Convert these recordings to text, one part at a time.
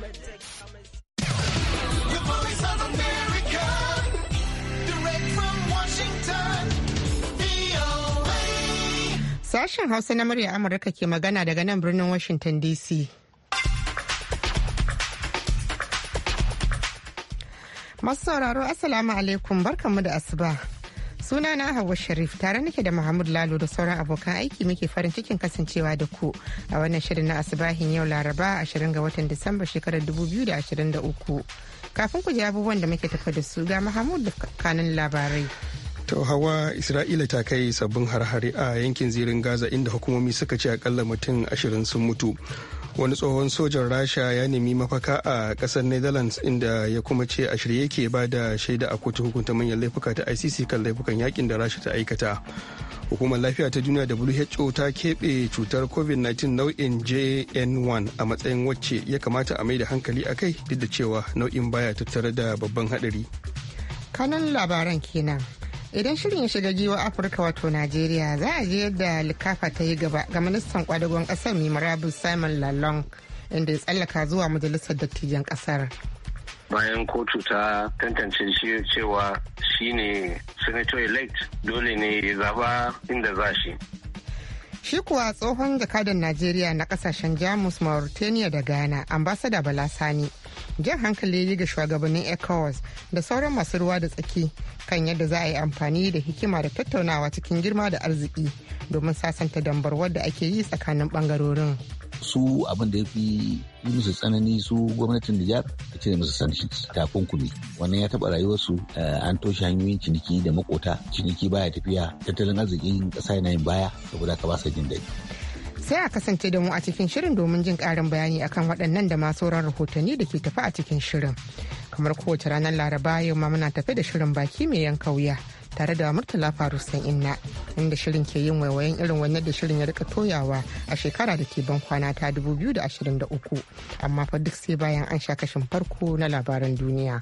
Sashen Hausa na murya Amurka ke magana daga nan birnin Washington DC. Masu sauraro, Assalamu alaikum barkanmu da asuba. Suna na Hauwa Sharif tare nake da Mahmud Lalo da sauran abokan aiki muke farin cikin kasancewa da ku a wannan shirin na asibahin yau Laraba 20 ga watan Disamba shekarar 2023. Kafin ku ji abubuwan da muke tafa da su ga mahamud da kanin labarai. To hawa Isra'ila ta kai sabbin har-hare a yankin zirin Gaza inda hukumomi suka ce akalla mutum ashirin sun mutu. wani tsohon sojan rasha ya nemi mafaka a kasar netherlands inda ya kuma ce a shirye yake ba da shaida a kotu hukunta manyan laifuka ta icc kan laifukan yakin da rasha ta aikata hukumar lafiya ta duniya da who ta keɓe cutar covid-19 nau'in jn1 a matsayin wacce ya kamata a mai da hankali a kai duk da cewa nau'in baya tattare da babban haɗari kanan labaran kenan idan shirin ya shiga giwa afirka wato najeriya za a je yadda likafa ta yi gaba ga ministan kwadagon kasar mai murabus simon lalong inda ya tsallaka zuwa majalisar dattijan kasar bayan kotu ta tantance shi cewa shi ne senator elect dole ne ya zaba inda za shi shi kuwa tsohon jakadan najeriya na kasashen jamus mauritania da ghana ambasada balasani. jan hankali ya ga shugabannin ecowas da sauran masu ruwa da tsaki kan yadda za a yi amfani da hikima da tattaunawa cikin girma da arziki domin sasanta dambar wadda ake yi tsakanin bangarorin su abin da ya fi yi musu tsanani su gwamnatin Nijar ta cire musu sanshi takunkumi wannan ya taɓa rayuwarsu eh, an toshe hanyoyin ciniki da makota ciniki baya tafiya tattalin arzikin kasa yana yin baya saboda ka ba sa jin daɗi sai a kasance da mu a cikin shirin domin jin karin bayani akan waɗannan da ma sauran rahotanni da ke tafi a cikin shirin. Kamar kowace ranar Laraba yau ma muna tafe da shirin baki mai yanka wuya tare da Murtala Farusan Inna inda shirin ke yin waiwayen irin wannan da shirin ya rika toyawa a shekara da ke ban kwana ta uku amma fa duk sai bayan an sha kashin farko na labaran duniya.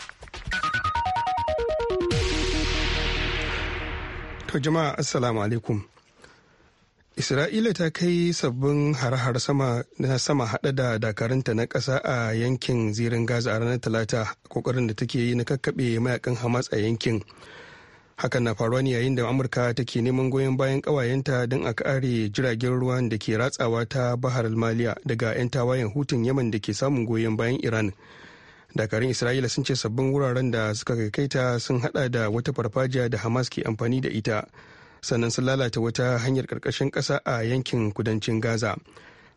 To jama'a assalamu alaikum. Isra'ila ta kai sabbin har-har sama na sama hada da dakarunta na ƙasa a yankin zirin Gaza a ranar Talata kokarin da take yi na kakkaɓe mayakan Hamas a yankin. Hakan na faruwa ne yayin da Amurka take neman goyon bayan ƙawayenta don a kare jiragen ruwan da ke ratsawa ta Bahar Maliya daga 'yan tawayen hutun Yaman da ke samun goyon bayan Iran. Dakarun Isra'ila sun ce sabbin wuraren da suka kai ta sun hada da wata farfajiya da Hamas ke amfani da ita. sannan sun lalata wata hanyar ƙarƙashin ƙasa a yankin kudancin gaza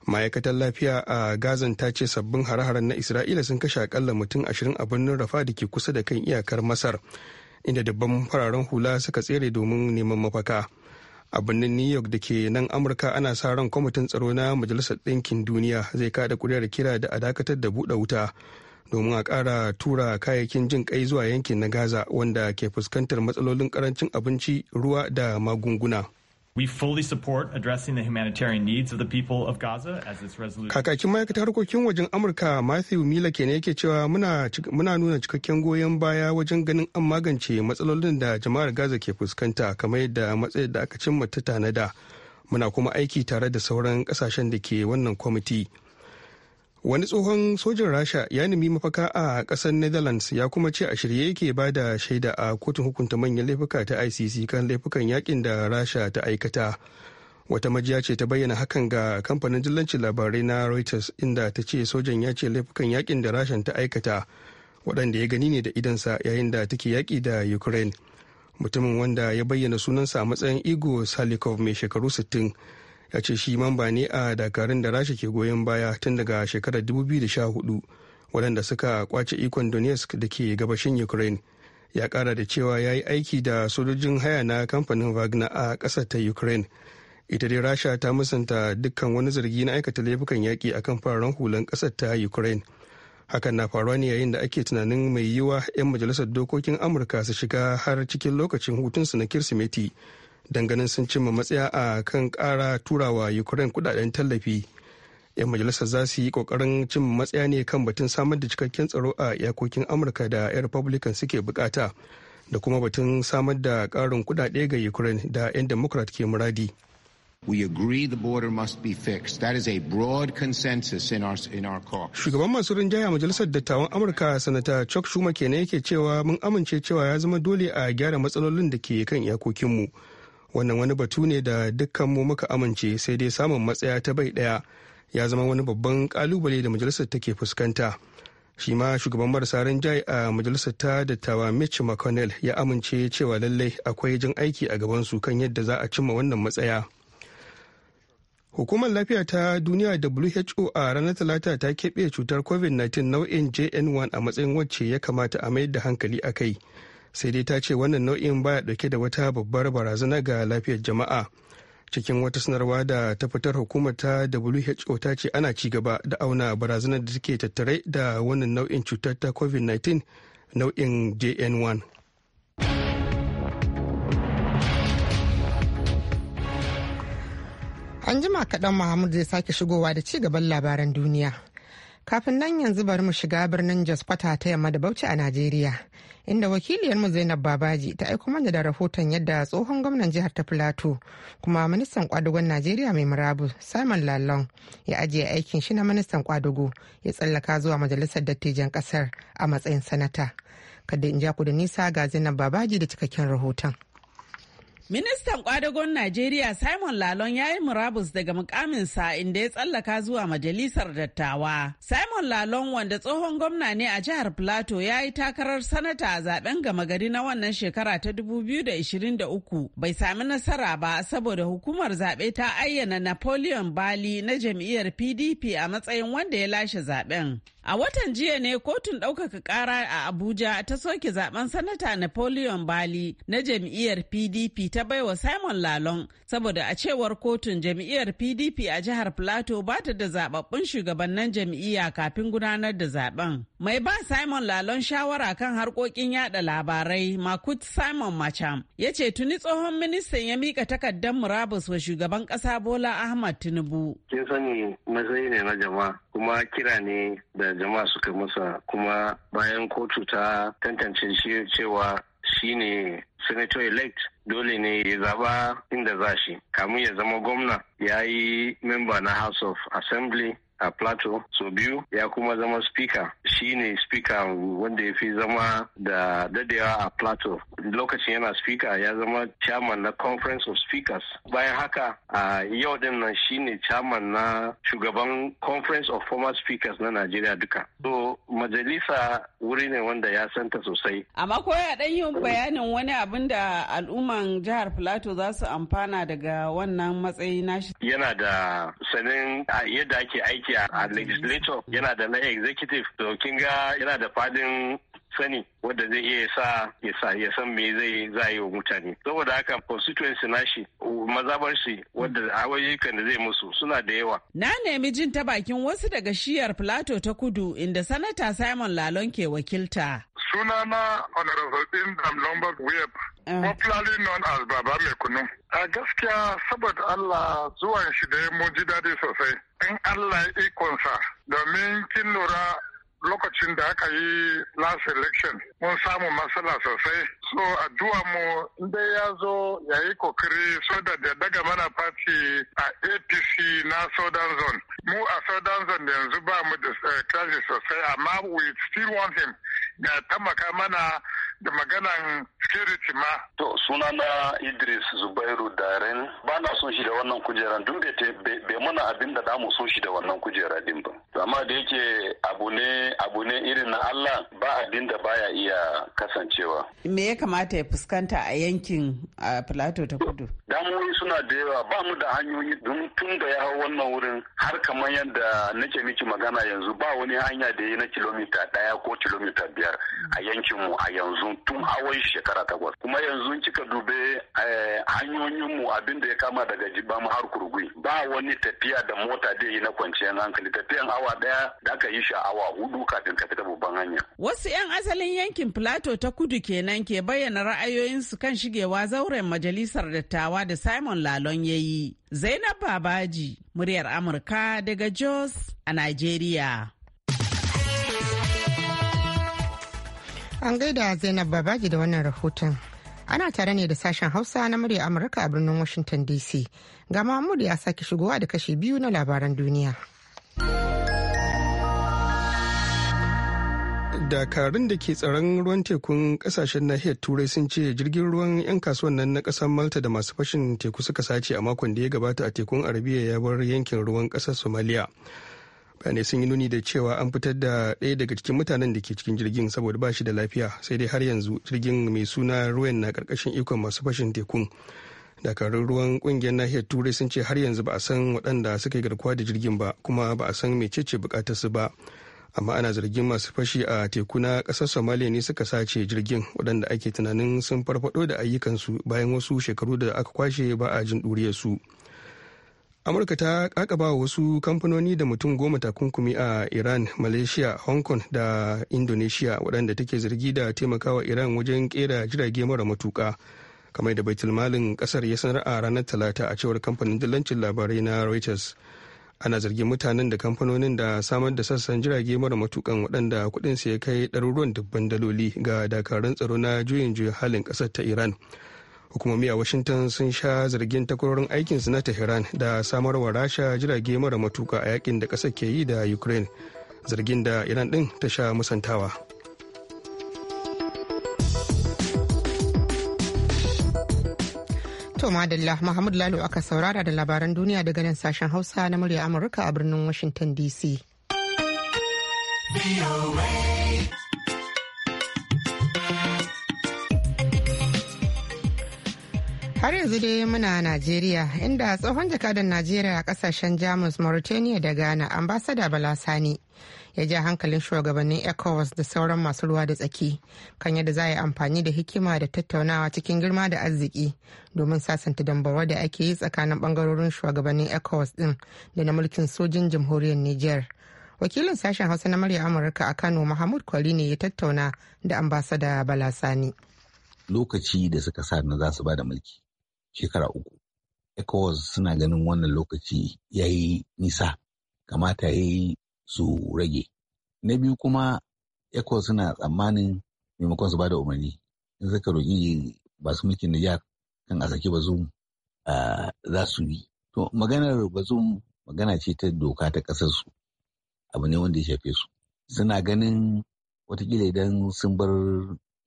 ma'aikatar lafiya a gazan ta ce sabbin hare-haren na isra'ila sun kashe akalla mutum ashirin a birnin rafa da ke kusa da kan iyakar masar inda dabban fararen hula suka tsere domin neman mafaka a birnin new york da ke nan amurka ana sa ran kwamitin tsaro na majalisar ɗinkin duniya zai kada kuri'ar kira da a dakatar da buɗe wuta domin a ƙara tura kayayyakin jin kai zuwa yankin na gaza wanda ke fuskantar matsalolin karancin abinci ruwa da magunguna We fully support addressing humanitarian needs of the people of Gaza as this resolution. Kakakin ma'aikatar harkokin wajen Amurka Matthew Miller ke ne yake cewa muna nuna cikakken goyon baya wajen ganin an magance matsalolin da jama'ar Gaza ke fuskanta kamar yadda matsayin da aka cimma ta tanada. Muna kuma aiki tare da sauran kasashen da ke wannan kwamiti. wani tsohon sojin rasha ya nemi mafaka a kasar netherlands ya kuma ce a shirye yake ba da shaida a kotun hukunta manyan laifuka ta icc kan laifukan yakin da rasha ta aikata wata majiya ce ta bayyana hakan ga kamfanin dillancin labarai na reuters inda ta ce sojan ya ce laifukan yakin da rashan ta aikata waɗanda ya gani ne da idansa yayin da take yaƙi da ukraine mutumin wanda ya bayyana sunansa a matsayin igor salikov mai shekaru 60 ya ce shi mamba ne a dakarun da rasha ke goyon baya tun daga shekarar 2014 waɗanda suka kwace ikon donetsk da ke gabashin ukraine ya kara da cewa ya yi aiki da sojojin haya na kamfanin wagner a ƙasar ta ukraine ita dai rasha ta musanta dukkan wani zargi na aikata laifukan yaƙi akan fararen hulan ƙasar ta ukraine hakan na faruwa ne yayin da ake tunanin mai yiwa 'yan majalisar dokokin amurka su shiga har cikin lokacin hutunsu na kirsimeti danganin sun cimma matsaya a kan kara turawa ukraine kudaden tallafi yan majalisar za su yi kokarin cimma matsaya ne kan batun samar da cikakken tsaro a iyakokin amurka da 'yan republican suke bukata da kuma batun samar da karin kudade ga ukraine da 'yan democrat ke muradi We agree the border must be fixed. That is a broad consensus in our, in our caucus. Shugaban masu rinjaya majalisar dattawan Amurka Sanata Chuck Schumer kenan yake cewa mun amince cewa ya zama dole a gyara matsalolin da ke kan mu. wannan wani batu ne da dukkan mu muka amince sai dai samun matsaya ta bai ɗaya ya zama wani babban kalubale da majalisar take fuskanta shi ma shugaban marasa rinjaye a majalisar ta dattawa mitch mcconnell ya amince cewa lallai akwai jin aiki a gaban su kan yadda za a cimma wannan matsaya hukumar lafiya ta duniya who a ranar talata ta keɓe cutar covid-19 nau'in jn1 a matsayin wacce ya kamata a mayar da hankali a kai sai dai ta ce wannan nau'in baya dauke da wata babbar barazana ga lafiyar jama'a cikin wata sanarwa da ta fitar hukumar ta who ta ce ana ci gaba da auna barazanar da take tattare da wannan nau'in cutar ta covid-19 nau'in jn1 an jima kaɗan Muhammad zai sake shigowa da ci gaban labaran duniya. Kafin nan yanzu bari mu shiga birnin Jos kwata ta yamma da Bauchi a Najeriya, inda wakiliyarmu zainab babaji ta aiko mana da rahoton yadda tsohon gwamnan jihar ta filato kuma ministan kwadugon najeriya mai murabu simon lalong ya ajiye aikin shi na ministan kwadugo ya tsallaka zuwa majalisar dattijan kasar a matsayin sanata kada in ja ku da nisa ga zainab babaji da cikakken rahoton Ministan kwadagon Najeriya Simon Lalon ya yi murabus daga mukaminsa inda ya tsallaka zuwa majalisar dattawa. Simon Lalon wanda tsohon gwamna ne a jihar Plateau ya yi takarar sanata a zaben gama gari na wannan shekara ta 2023 bai sami nasara ba saboda hukumar zaɓe ta ayyana Napoleon Bali na jam'iyyar PDP a matsayin wanda ya lashe zaben. A watan jiya ne kotun ɗaukaka ƙara a Abuja ta soke zaben sanata Napoleon Bali na jam'iyyar PDP ta baiwa Simon Lalon saboda a cewar kotun jam'iyyar PDP a jihar Plateau ba ta da zababbun shugabannin jam'iyya kafin gudanar da zaben. Mai ba Simon Lalon shawara kan harkokin yada labarai Makut Simon Macham ya ce tuni tsohon ministan ya mika takardar murabus wa shugaban ƙasa Bola Ahmad Tinubu. Kin sani matsayi ne na jama'a kuma kira ne da jama'a suka masa kuma bayan kotu ta tantance shi cewa shi ne senator elect dole ne ya zaba inda za shi kamun ya zama gwamna ya yi memba na house of assembly a plateau so biyu ya kuma zama speaker shi ne speaker wanda ya fi zama da dadewa a plateau lokacin yana speaker ya zama chairman na conference of speakers bayan haka a yau din nan shi ne chairman na shugaban conference of former speakers na najeriya duka so majalisa wuri ne wanda ya santa sosai amma ko ya dan yin bayanin wani abin da al'umman jihar plateau za su amfana daga wannan matsayi nashi yana da sanin yadda ake aiki a legislature yana da na executive to kin ga yana da fadin sani wanda zai iya sa ya san me zai yi wa mutane saboda haka constituency nashi mazabar shi wadda ayyukan da zai musu suna da yawa na nemi jin ta bakin wasu daga shiyar plateau ta kudu inda sanata simon lalon ke wakilta na honorable Indam Lombard Web, ah. popularly known as Baba Mekunu. A gaskiya saboda Allah zuwan shi da ya mu ji daɗi sosai. In Allah ikonsa domin kin lura lokacin da aka yi last election mun samu matsala sosai so addu'a mu inda ya zo ya yi kokiri so da da daga mana party a apc na southern zone mu a southern zone yanzu ba mu da eh, crisis sosai amma we still want him ya taimaka mana da maganan security ma. To suna na Idris Zubairu Daren ba na so shi da wannan kujeran dun bai mana abin da damu so shi da wannan kujera din ba. Amma da yake abu ne abu ne irin na Allah ba abin da baya iya kasancewa. Me ya kamata ya fuskanta a yankin a Plateau ta Kudu? Damuwoyi suna da yawa ba mu da hanyoyi dun tun da ya hau wannan wurin har kamar yadda nake miki magana yanzu ba wani hanya da ya na kilomita ɗaya ko kilomita biyar a yankinmu a yanzu tun shekara takwas kuma yanzu kika dube eh, hanyoyinmu abin da ya kama daga jibama har kurgui ba wani tafiya da mota da yi na kwanciyar hankali tafiyan awa daya da aka yi shi awa hudu kafin ka fita babban hanya wasu 'yan asalin yankin plateau ta kudu kenan ke bayyana ra'ayoyinsu kan shigewa zauren majalisar dattawa da simon lalon ya yi zainab babaji muryar amurka daga jos a nigeria An gaida Zainab Babaji da wannan rahoton. Ana tare ne da sashen Hausa na murya Amurka a birnin Washington DC. Ga Mahmud ya sake shigowa da kashi biyu na labaran duniya. dakarun da ke tsaron ruwan tekun kasashen nahiyar turai sun ce jirgin ruwan 'yan kasuwan nan na kasar malta da masu fashin teku suka sace a makon da ya gabata a tekun arabiya ya bar yankin ruwan kasar somaliya bayanai sun yi nuni da cewa an fitar da ɗaya daga cikin mutanen da ke cikin jirgin saboda ba shi da lafiya sai dai har yanzu jirgin mai suna ruwan na karkashin ikon masu fashin tekun dakarun ruwan kungiyar nahiyar turai sun ce har yanzu ba a san waɗanda suka yi garkuwa da jirgin ba kuma ba a san mecece bukatar su ba amma ana zargin masu fashi a teku na ƙasar somalia ne suka sace jirgin waɗanda ake tunanin sun farfado da ayyukansu bayan wasu shekaru da aka kwashe ba a jin ɗuriyarsu su amurka ta kakaba wasu kamfanoni da mutum goma takunkumi a iran malaysia hong kong da indonesia waɗanda take zargi da taimakawa iran wajen kera jirage mara matuka kamar da baitulmalin ƙasar ya sanar a ranar talata a cewar kamfanin dillancin labarai na reuters ana zargin mutanen da kamfanonin da samar da sassan jirage mara matukan waɗanda kuɗinsu ya kai ɗaruruwan dubban daloli ga dakarun tsaro na juyin juyin halin ƙasar ta iran hukumomi a washington sun sha zargin takwarorin aikinsu na tehran da samarwa rasha jirage mara matuka a yakin da ƙasar ke yi da ukraine zargin da iran ɗin ta sha musantawa To madalla Muhammad Lalo aka saurara da labaran duniya daga nan sashen Hausa na murya Amurka a birnin Washington DC. Har yanzu dai muna Najeriya inda tsohon jakadan Najeriya a kasashen Jamus, Mauritania da Ghana, ambasada Bala Sani ya ja hankalin shugabannin ECOWAS da sauran masu ruwa da tsaki kan yadda za a yi amfani da hikima da tattaunawa cikin girma da arziki domin sasanta dambarwa da ake yi tsakanin bangarorin shugabannin ECOWAS din da na mulkin sojin jamhuriyar Niger. Wakilin sashen Hausa na murya Amurka a Kano Mahmud Kwali ne ya tattauna da ambasada balasani Lokaci da suka sa na za su ba da mulki shekara uku. ECOWAS suna ganin wannan lokaci ya yi nisa kamata ya yi su rage. Na biyu kuma ECOWAS suna tsammanin maimakon su ba da umarni in suka roƙi su mulkin Nijar kan a saki bazum za su yi. To maganar bazum magana ce ta doka ta ƙasar su abu ne wanda ya shafe su. Suna ganin watakila idan sun bar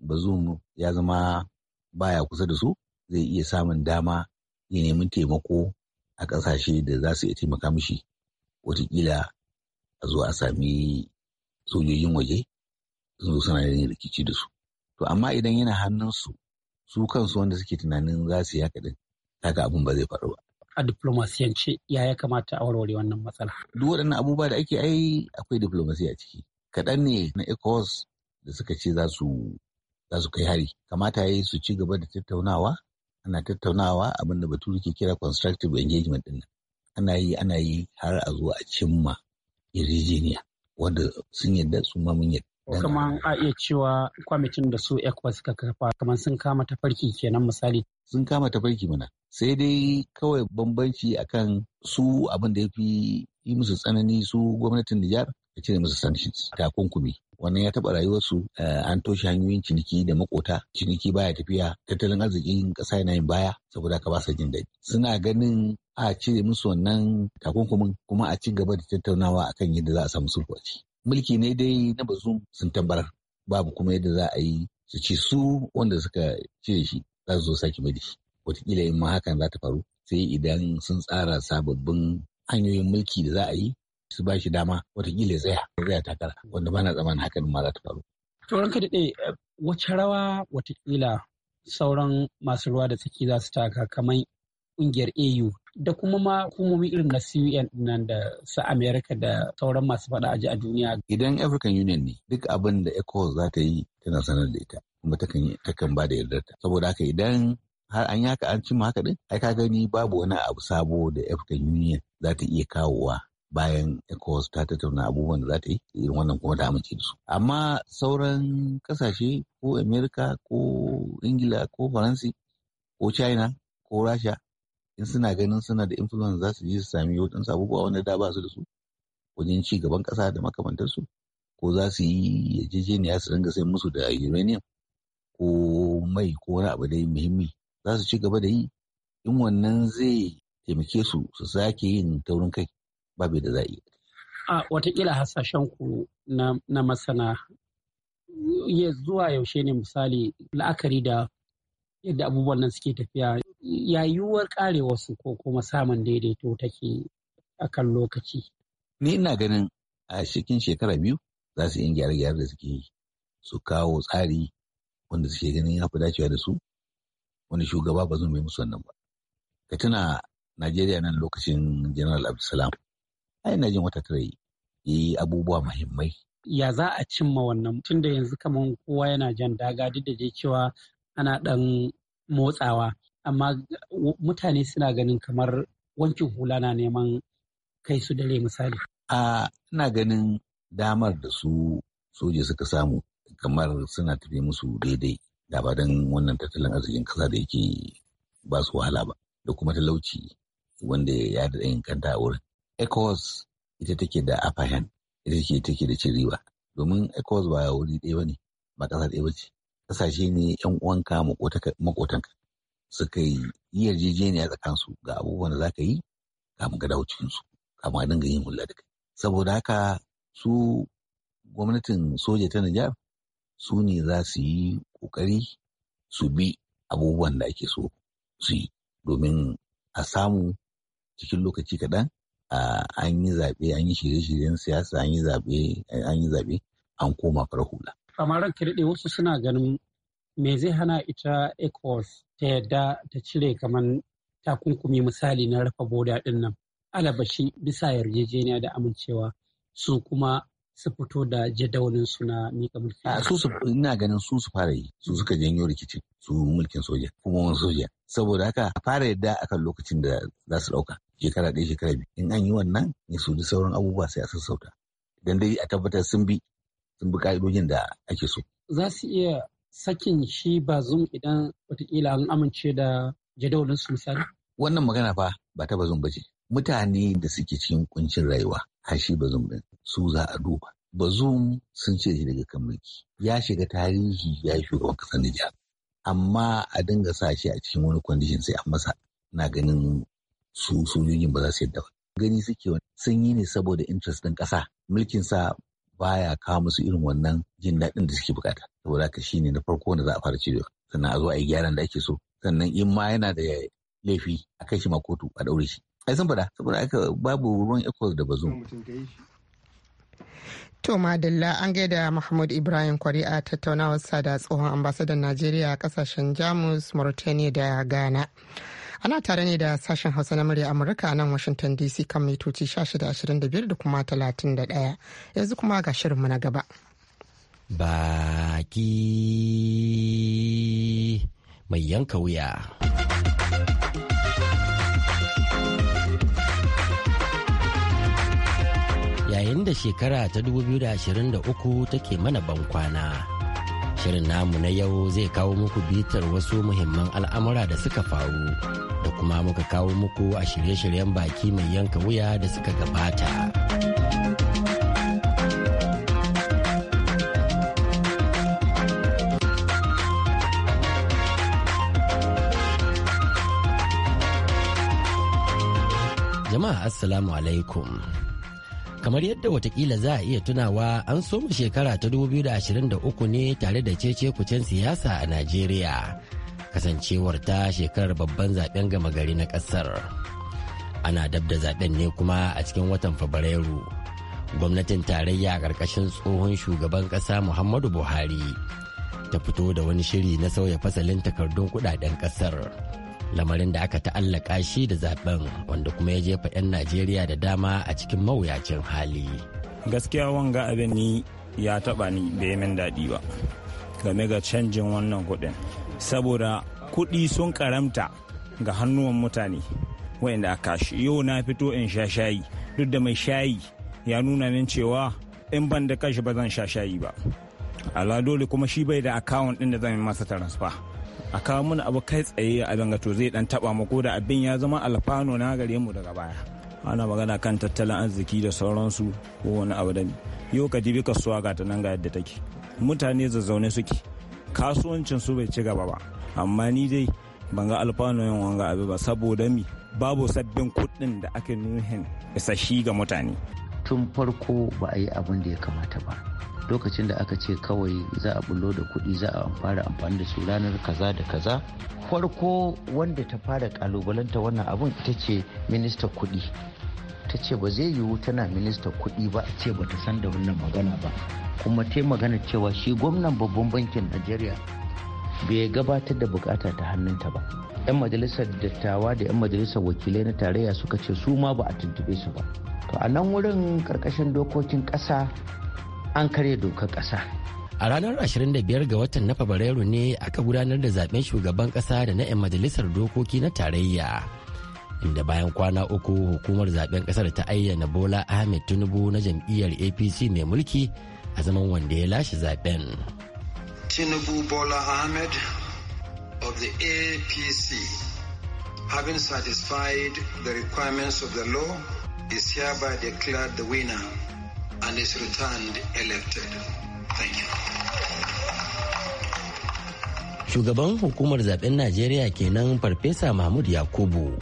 bazum ya zama baya kusa da su zai iya samun dama ya nemi taimako a ƙasashe da za su iya taimaka mishi watakila a zo a sami sojojin waje sun zo suna yin rikici da su to amma idan yana hannunsu su kansu wanda suke tunanin za su yaka din haka abin ba zai faru ba a diplomasiyance ya ya kamata a warware wannan matsala duk waɗannan abubuwa da ake ai akwai diplomasiya a ciki kaɗan ne na ecowas da suka ce za su za su kai hari kamata ya yi su ci gaba da tattaunawa ana tattaunawa abin da baturi ke kira constructive engagement din ana yi ana yi har a zuwa a cimma yarjejeniya wanda sun yadda su ma mun yadda kamar a iya cewa kwamitin da su ECOWAS suka kafa kamar sun kama tafarki kenan misali. Sun kama tafarki mana sai dai kawai bambanci akan su abin da ya fi yi musu tsanani su gwamnatin Nijar da cire musu sanctions kunkumi wannan ya taɓa rayuwarsu eh, an toshe hanyoyin ciniki da makota ciniki baya tafiya tattalin arzikin ƙasa yana yin baya saboda ka ba su jin daɗi suna ganin a cire musu wannan takunkumin kuma a ci gaba da tattaunawa akan yadda za a samu sulhu a ciki mulki ne dai na bazu sun tabbar babu kuma yadda za a yi su ci su wanda suka cire shi za su zo sake mai da shi wataƙila in ma hakan za ta faru sai idan sun tsara sababbin hanyoyin mulki da za a yi su ba shi dama watakila tsaya tsaya takara wanda ba na tsammanin hakan ma za ta faru. To ranka daɗe wace rawa watakila sauran masu ruwa da tsaki za su taka kamar ƙungiyar AU da kuma ma hukumomi irin na CUN nan da sa Amerika da sauran masu faɗa aji a duniya. Idan African Union ne duk abin da ECOWAS za ta yi tana sanar da ita kuma takan ba da yardar ta, Saboda haka idan har an yaka an cimma haka din ai ka gani babu wani abu sabo da African Union za ta iya kawowa bayan ECOWAS ta tattauna abubuwan da za ta yi irin wannan kuma ta amince da su. Amma sauran kasashe ko Amerika ko Ingila ko Faransi ko China ko Rasha in suna ganin suna da influence za su yi su sami waɗansu abubuwa wanda da ba su da su wajen ci gaban ƙasa da makamantarsu ko za su yi yarjejeniya su dinga sai musu da uranium ko mai ko wani abu dai muhimmi za su ci gaba da yi in wannan zai taimake su su sake yin taurin kai babu da za'i a watakila hasashen ku na, na masana ya zuwa yaushe ne misali la'akari da yadda abubuwan nan suke tafiya yayuwar kare wasu ko kuma samun daidaito take kan lokaci ni ina ganin a cikin shekara biyu za su yi gyare-gyare da suke su kawo tsari wanda suke ganin ya fi dacewa da su wani shugaba ba zan mai musu wannan ba ka tuna najeriya nan lokacin general abdulsalam ai na jin wata tara yi abubuwa muhimmai ya za a cimma wannan tun da yanzu kamar kowa yana jan daga duk da je cewa ana dan motsawa amma mutane suna ganin kamar wankin hula na neman kai su dare misali a ina ganin damar da su soja suka samu kamar suna tafi musu daidai da ba don wannan tattalin arzikin kasa da yake ba su wahala ba da kuma talauci wanda ya da yin kanta a wurin ECOWAS ita take da upper ita take take da ciriwa. Domin ECOWAS ba wuri ɗaya bane, ba ƙasa ɗaya bace. Ƙasashe ne ƴan uwanka makotanka suka yi yarjejeniya tsakansu ga abubuwan da za ka yi ga ka su ga kamun a dinga yin hulla da Saboda haka su gwamnatin soja ta Nijar su ne za su yi ƙoƙari su bi abubuwan da ake so su yi domin a samu cikin lokaci kaɗan an yi zaɓe an yi shirye-shiryen siyasa an yi zaɓe an yi zaɓe an koma farar hula. Kamar kirɗe wasu suna ganin me zai hana ita ECOWAS ta yadda ta cire kamar takunkumi misali na rufe boda ɗin nan alabashi bisa yarjejeniya da amincewa su kuma su fito da jadawalin su na mika mulki. ina ganin su su fara yi su suka janyo rikicin su mulkin soja kuma wani soja saboda haka a fara yadda akan lokacin da za su ɗauka. shekara ɗaya shekara biyu in an yi wannan ya su sauran abubuwa sai a sassauta idan dai a tabbatar sun bi sun bi ka'idojin da ake so. Za su iya sakin shi ba zum idan watakila an amince da jadawalin su misali? Wannan magana fa ba ta bazum ba ce. Mutane da suke cikin kuncin rayuwa har shi bazum ɗin su za a duba. Bazum sun ce shi daga kan mulki. Ya shiga tarihi ya yi shugaban kasar Nijar. Amma a dinga sa shi a cikin wani kwandishin sai an masa na ganin su sojojin ba za su yadda gani suke sun yi ne saboda interest din ƙasa mulkin sa baya kawo musu irin wannan jin daɗin da suke bukata saboda haka shine na farko da za a fara cirewa sannan a zo a yi gyaran da ake so sannan in ma yana da laifi a kai shi ma kotu a ɗaure shi ai sun faɗa saboda haka babu ruwan ecos da bazo To Madalla an gaida Mahmud Ibrahim Kwari a tattaunawar da tsohon ambasadan Najeriya a kasashen Jamus, Mauritania da Ghana. Ana tare ne da sashen Hausa na murya Amurka a nan Washington DC kan mitoci 1625 da kuma 31 yanzu kuma ga shirinmu na gaba. Baki mai yanka wuya. Yayin da shekara ta 2023 take mana bankwana. Shirin namu na yau zai kawo muku bitar wasu muhimman al'amura da suka faru da kuma muka kawo muku a shirye-shiryen baki mai yanka wuya da suka gabata. Jama'a Assalamu alaikum. kamar yadda watakila za a iya tunawa an soma shekara ta 2023 ne tare da cece kucen siyasa a najeriya kasancewar ta shekarar babban zaben gama gari na kasar ana dab da zaben ne kuma a cikin watan fabrairu gwamnatin tarayya a ƙarƙashin tsohon shugaban ƙasa muhammadu buhari ta fito da wani shiri na sauya fasalin takardun kudaden ƙasar. lamarin da aka ta'allaka shi da zaben wanda kuma ya jefa 'yan najeriya da dama a cikin mawuyacin hali gaskiya wanga abin ni ya taba ni bai min daɗi ba game ga canjin wannan kuɗin saboda kuɗi sun karamta ga hannuwan mutane wa'inda aka shi yau na fito in sha shayi duk da mai shayi ya nuna min cewa in ban da kashi ba zan sha shayi ba ala dole kuma shi bai da akawun ɗin da zan yi masa transfer a kawo mana abu kai tsaye a danga to zai dan taba mu ko da abin ya zama alfano na gare mu daga baya ana magana kan tattalin arziki da sauransu ko wani abu da yau ka dibi kasuwa ga ta nan ga yadda take mutane zazzaune suke kasuwancin su bai ci gaba ba amma ni dai ban ga alfano yin wanga abu ba saboda mi babu sabbin kuɗin da aka nuhin isashi ga mutane tun farko ba a yi abin da ya kamata ba lokacin da aka ce kawai za a bullo da kuɗi za a fara amfani da su ranar kaza da kaza farko wanda ta fara kalubalanta wannan abun ita ce minista kuɗi ta ce ba zai yiwu tana minista kuɗi ba a ce ba ta san da wannan magana ba kuma ta magana cewa shi gwamnan babban bankin najeriya bai gabatar da bukata ta hannunta ba yan majalisar dattawa da yan majalisar wakilai na tarayya suka ce su ma ba a tuntube su ba to a nan wurin karkashin dokokin ƙasa an karya dokar kasa. A ranar 25 ga watan na Fabrairu ne aka gudanar da zaben shugaban ƙasa da na 'yan majalisar dokoki na tarayya. Inda bayan kwana uku hukumar zaben ƙasar ta ayyana Bola Ahmed Tinubu na jam'iyyar APC mai mulki a zaman wanda ya lashe zaben. Tinubu Bola Ahmed of the APC having satisfied the requirements of the law is hereby declared the winner and is returned elected. Thank you. Shugaban hukumar zaben Najeriya kenan Farfesa Mahmud Yakubu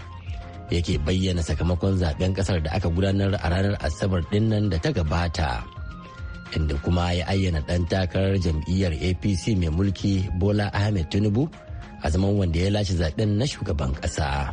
yake bayyana sakamakon zaben kasar da aka gudanar a ranar Asabar dinnan da ta gabata. Inda kuma ya ayyana ɗan takarar jam'iyyar APC mai mulki Bola Ahmed Tinubu a zaman wanda ya lashe zaben na shugaban ƙasa.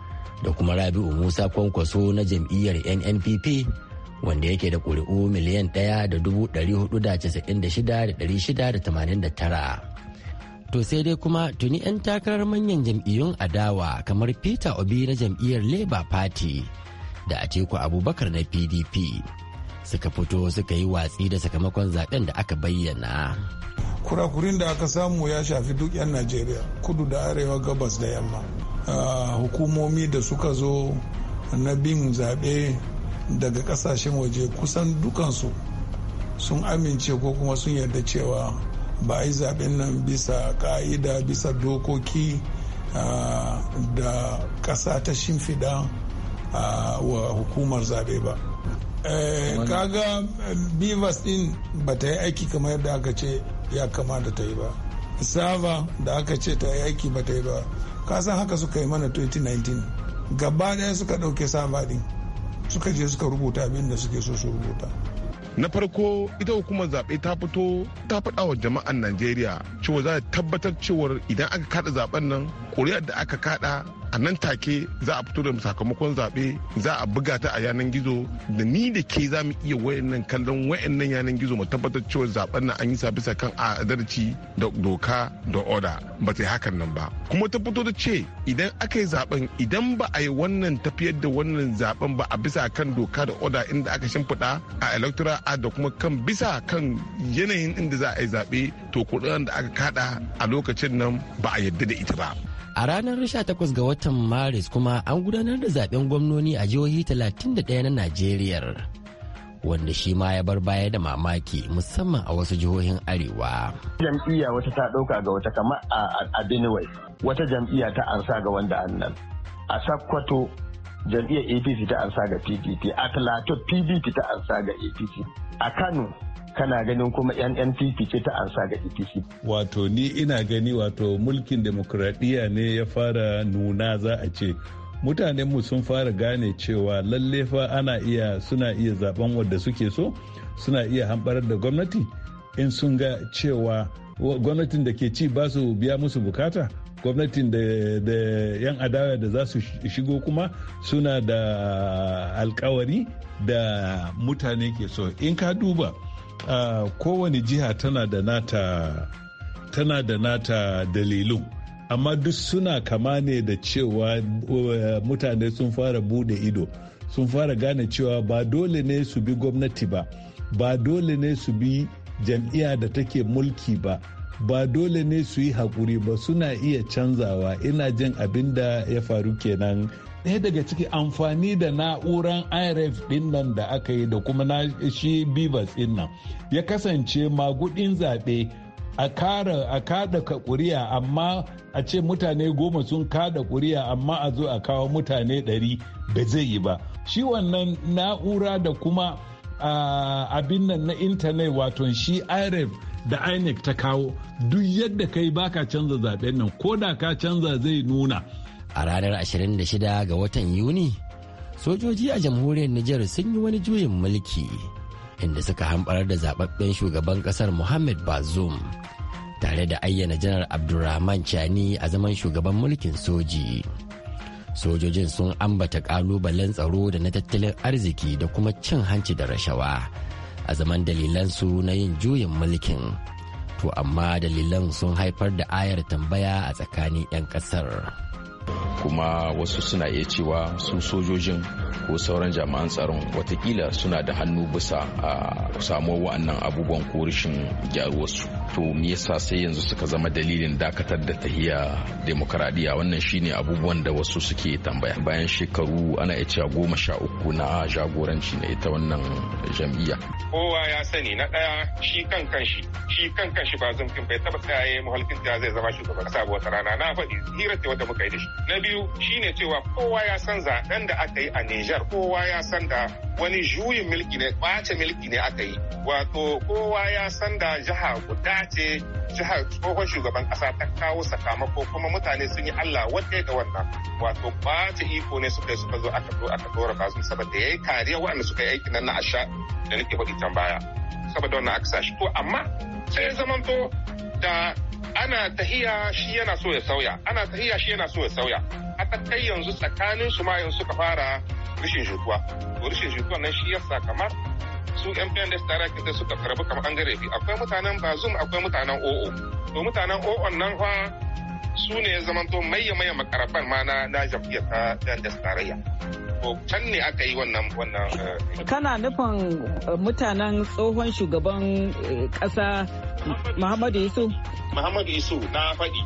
da kuma rabi'u musa kwankwaso na jam'iyyar nnpp wanda yake da ƙuri'u miliyan 1,496,689 to sai dai kuma tuni 'yan takarar manyan jam'iyyun adawa kamar peter obi na jam'iyyar labour party da atiku abubakar na pdp suka fito suka yi watsi da sakamakon zaben da aka bayyana kurakurin da aka samu ya shafi duk 'yan najeriya kudu da arewa gabas da yamma hukumomi da suka zo na bin zaɓe daga ƙasashen waje kusan dukansu sun amince ko kuma sun yarda cewa ba a yi zaɓen nan bisa ƙa'ida bisa dokoki da ƙasa ta shimfiɗa wa hukumar zaɓe ba eh, kaga eh, bivas din ba ta yi aiki kamar yadda aka ce ya kamata ta yi ba sava da aka ce ta yi aiki ba ta yi ba kasan haka suka yi mana 2019 gaba daya suka ɗauke sama suka je suka rubuta abin da suke so su rubuta na farko ita hukumar zaɓe ta fito ta faɗa wa jama'an najeriya cewa za ta tabbatar cewar idan aka kada zaɓen nan ƙuri'ar da aka kada a nan take za a fito da sakamakon zaɓe za a buga ta a yanan gizo da ni da ke za mu iya wayannan kallon wayannan yanan gizo mu tabbatar cewa zaben nan an yi sa bisa kan adalci da doka da oda ba ta hakan nan ba kuma ta fito da ce idan aka yi zaben idan ba a yi wannan tafiyar da wannan zaben ba a bisa kan doka da oda inda aka shimfiɗa a electoral da kuma kan bisa kan yanayin inda za a yi zaɓe to kuɗin da aka kaɗa a lokacin nan ba a yarda da ita ba A ranar 18 ga watan Maris kuma an gudanar da zaben gwamnoni a jihohi 31 na Najeriya. Wanda shi ma ya bar baya da mamaki musamman a wasu jihohin Arewa. Jam'iyya wata ta ɗauka ga wata kama a Benue, wata jam'iyya ta ansa ga wanda annan. A Sakkwato jam'iyyar APC ta ansa ga PDP, a Tlato PDP ta ansa ga APC. A Kano kana ganin kuma NNPP ce ta ansa ga ETC. Wato ni ina gani wato mulkin demokuraɗiyya ne ya fara nuna za a ce mutanenmu sun fara gane cewa lalle fa ana iya suna iya zaben wadda suke so suna iya hambarar da gwamnati in sun ga cewa gwamnatin da ke ci ba su biya musu bukata gwamnatin da yan adawa da za su shigo kuma suna da alkawari da mutane ke so in ka duba uh, kowane jiha tana da nata tana da nata dalilun amma duk suna kama ne da cewa mutane sun fara bude ido sun fara gane cewa ba dole ne su bi gwamnati ba ba dole ne su bi jam'iyya da take mulki ba ba dole ne su yi haƙuri ba suna iya canzawa ina jin abin da ya faru kenan ɗaya daga ciki amfani da na'uran irf ɗin nan da aka yi da kuma na shi bibas ɗin nan ya kasance magudin zaɓe a kara a kada ka kuriya amma a ce mutane goma sun kada kuriya amma a zo a kawo mutane ɗari ba zai yi ba shi wannan na'ura da kuma abin nan na intanet wato shi irf da inec ta kawo duk yadda kai baka canza zaɓen nan ko da ka canza zai nuna a ranar 26 ga watan yuni sojoji a jamhuriyar nijar sun yi wani juyin mulki inda suka hambarar da zababben shugaban ƙasar muhammad bazoum tare da ayyana janar abdulrahman chani a zaman shugaban mulkin soji sojojin sun ambata ƙalubalen tsaro da na tattalin arziki da kuma cin hanci da rashawa a zaman dalilansu na yin juyin mulkin to amma dalilan sun haifar da ayar tambaya a tsakanin 'yan ƙasar. kuma wasu suna iya cewa su sojojin ko sauran jami'an tsaron watakila suna da hannu bisa a samuwa wa'annan abubuwan ko rashin gyaruwarsu to me yasa sai yanzu suka zama dalilin dakatar da tahiya demokradiyya wannan shine abubuwan da wasu suke tambaya bayan shekaru ana iya cewa goma sha uku na jagoranci na ita wannan jam'iyya kowa ya sani na daya shi kan kanshi shi kan kanshi ba zan zumfin bai taba tsaye muhalkin da zai zama shugaban kasa sabuwar wata rana na faɗi hira ce wata muka yi da shi na biyu shine cewa kowa ya san zaben da aka yi a nijar kowa ya san da wani juyin milki ne ɓace milki ne aka yi wato kowa ya san da jiha guda ce jihar tsohon shugaban ƙasa ta kawo sakamako kuma mutane sun yi allah wadda ga wannan wato ɓace iko ne suka suka zo aka zo aka dora kasu saboda ya yi kariya waɗanda suka yi aikin nan na asha da nake faɗi can baya saboda wannan aka sashi to amma sai zamanto da ana tahiya shi yana so ya sauya ana tahiya shi yana so ya sauya a kai yanzu tsakanin su ma yanzu suka fara rashin jituwa to rashin jituwa nan shi yasa kamar su yan pnds tare da suka karbi kamar an gare akwai mutanen bazum akwai mutanen oo to mutanen oo nan fa su ne ya zamanto maye maye makarafan ma na na jam'iyyar ta pnds tarayya to can ne aka yi wannan wannan eh, kana nufin eh, mutanen tsohon shugaban kasa eh, muhammadu yusuf muhammadu yusuf na faɗi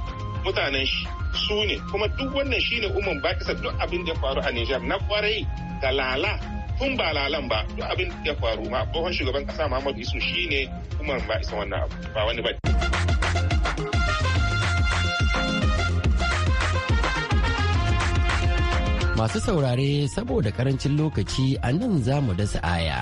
mutanen shi su ne kuma duk wannan shi ne umar ba kisa duk abin da ya faru a Nijar na kwarai da lala tun ba lalan ba duk abin da ya faru ma tsohon shugaban kasa Muhammadu Isu shi shine umar ba isa wannan abu ba wani ba Masu saurare saboda karancin lokaci a nan za mu dasa aya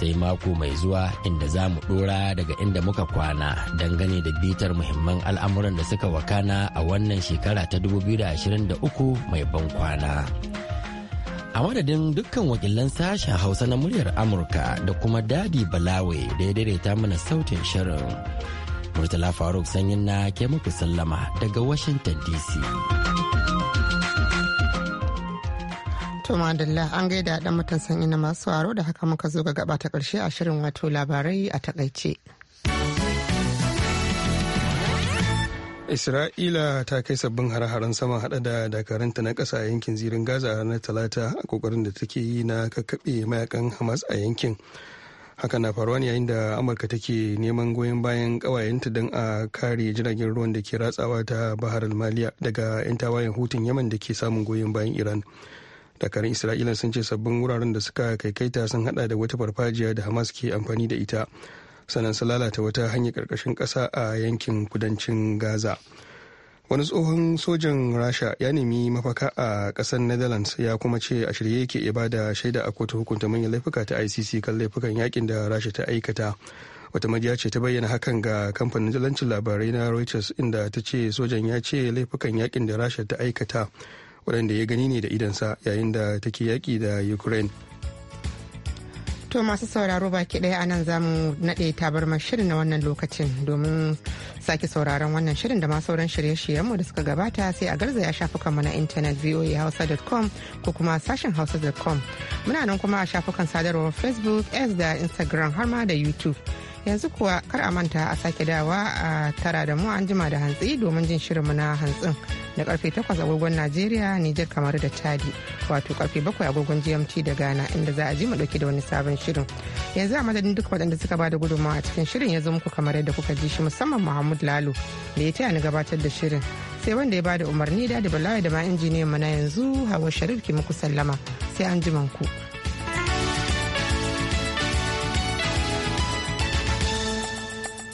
sai mako mai zuwa inda za mu ɗora daga inda muka kwana dangane da bitar muhimman al'amuran da suka wakana a wannan shekara ta 2023 mai ban kwana. a madadin dukkan wakilan sashen hausa na muryar amurka da kuma dadi balawe da ya daidaita mana sautin shirin murtala faruk sanyin na ke muku sallama daga washington dc To madalla an gaida dan sanyi ina masu aro da haka muka zo ga gaba ta karshe a shirin wato labarai a takaice. Isra'ila ta kai sabbin hare-haren sama hada da dakaranta na kasa a yankin zirin Gaza a ranar Talata a kokarin da take yi na kakkaɓe mayakan Hamas a yankin. Haka na faruwa yayin da Amurka take neman goyon bayan kawayenta don a kare jiragen ruwan da ke ratsawa ta Bahar Maliya daga 'yan tawayen hutun Yaman da ke samun goyon bayan Iran. dakarun isra'ila sun ce sabbin wuraren da suka kai kaikaita sun hada da wata farfajiya da hamas ke amfani da ita sannan su lalata wata hanyar karkashin kasa a yankin kudancin gaza wani tsohon sojan rasha ya nemi mafaka a ƙasar netherlands ya kuma ce a shirye yake ya da shaida a kotu hukunta manyan laifuka ta icc kan laifukan yakin da rasha ta aikata wata majiya ce ta bayyana hakan ga kamfanin jalancin labarai na reuters inda ta ce sojan ya ce laifukan yakin da rasha ta aikata waɗanda ya gani ne da idansa yayin da take yaƙi da ukraine To masu sauraro baki ɗaya a nan zamu naɗe tabarmar shirin na wannan lokacin domin sake sauraron wannan shirin da masu sauran shirye-shiryenmu da suka gabata sai a garza garzaya shafukanmu na intanet voahausa.com ko kuma sashen hausa.com. Muna nan kuma a shafukan sadarwar Facebook, S da Instagram har ma da YouTube. yanzu kuwa kar a manta a sake dawa a tara da mu an jima da hantsi domin jin shirinmu na hantsin da karfe 8 agogon najeriya nijar kamar da chadi wato karfe 7 agogon gmt da ghana inda za a ji mu dauke da wani sabon shirin yanzu a madadin duk waɗanda suka bada gudunmawa a cikin shirin ya zo muku kamar yadda kuka ji shi musamman mahmud lalo da ya taya ni gabatar da shirin sai wanda ya bada umarni da da balawa da ma injiniyan mu na yanzu hawa sharif ki muku sallama sai an ku.